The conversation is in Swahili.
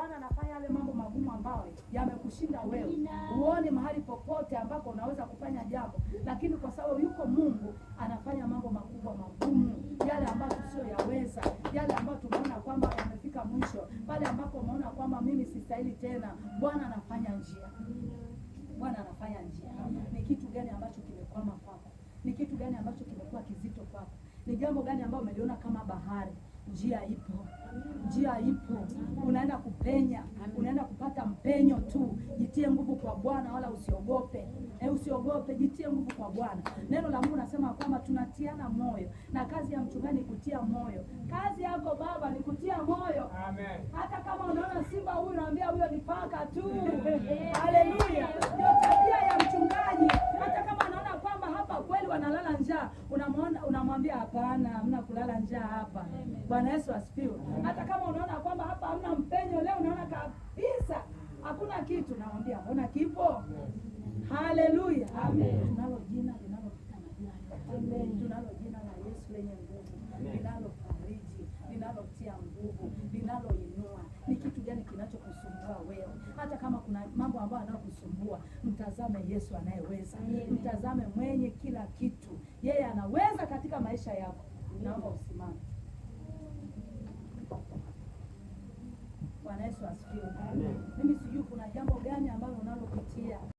Bwana anafanya yale mambo magumu ambayo yamekushinda wewe, uone mahali popote ambako unaweza kufanya jambo, lakini kwa sababu yuko Mungu anafanya mambo makubwa magumu, yale ambayo yaweza yale ambayo tumeona kwamba yamefika mwisho, pale ambapo umeona kwamba mimi sistahili tena, Bwana anafanya njia. Bwana anafanya njia. Ni kitu gani ambacho kimekwama kwako? Ni kitu gani ambacho kimekuwa kizito kwako? Ni jambo gani ambalo umeliona kama bahari? Njia ipo njia ipo, unaenda kupenya, unaenda kupata mpenyo tu. Jitie nguvu kwa Bwana, wala usiogope. E, usiogope, jitie nguvu kwa Bwana. Neno la Mungu nasema kwamba tunatiana moyo, na kazi ya mchungaji ni kutia moyo. Kazi yako baba ni kutia moyo. Amen. Hata kama unaona simba huyu, naambia huyo ni paka tu. Haleluya, ndio tabia ya mchungaji. Hata kama anaona kwamba hapa kweli wanalala njaa, unamwambia hapana, hamna kulala njaa hapa. Bwana Yesu asifiwe. kitu nawambia mbona kipo? Haleluya, tunalo jina linalopita majina, tunalo jina la Yesu lenye nguvu, linalofariji, linalotia nguvu, linaloinua. Ni kitu gani kinachokusumbua wewe? Hata kama kuna mambo ambayo anayokusumbua, mtazame Yesu anayeweza, mtazame mwenye kila kitu, yeye anaweza katika maisha yako. Naomba usimame. Bwana Yesu asifiwe. Mimi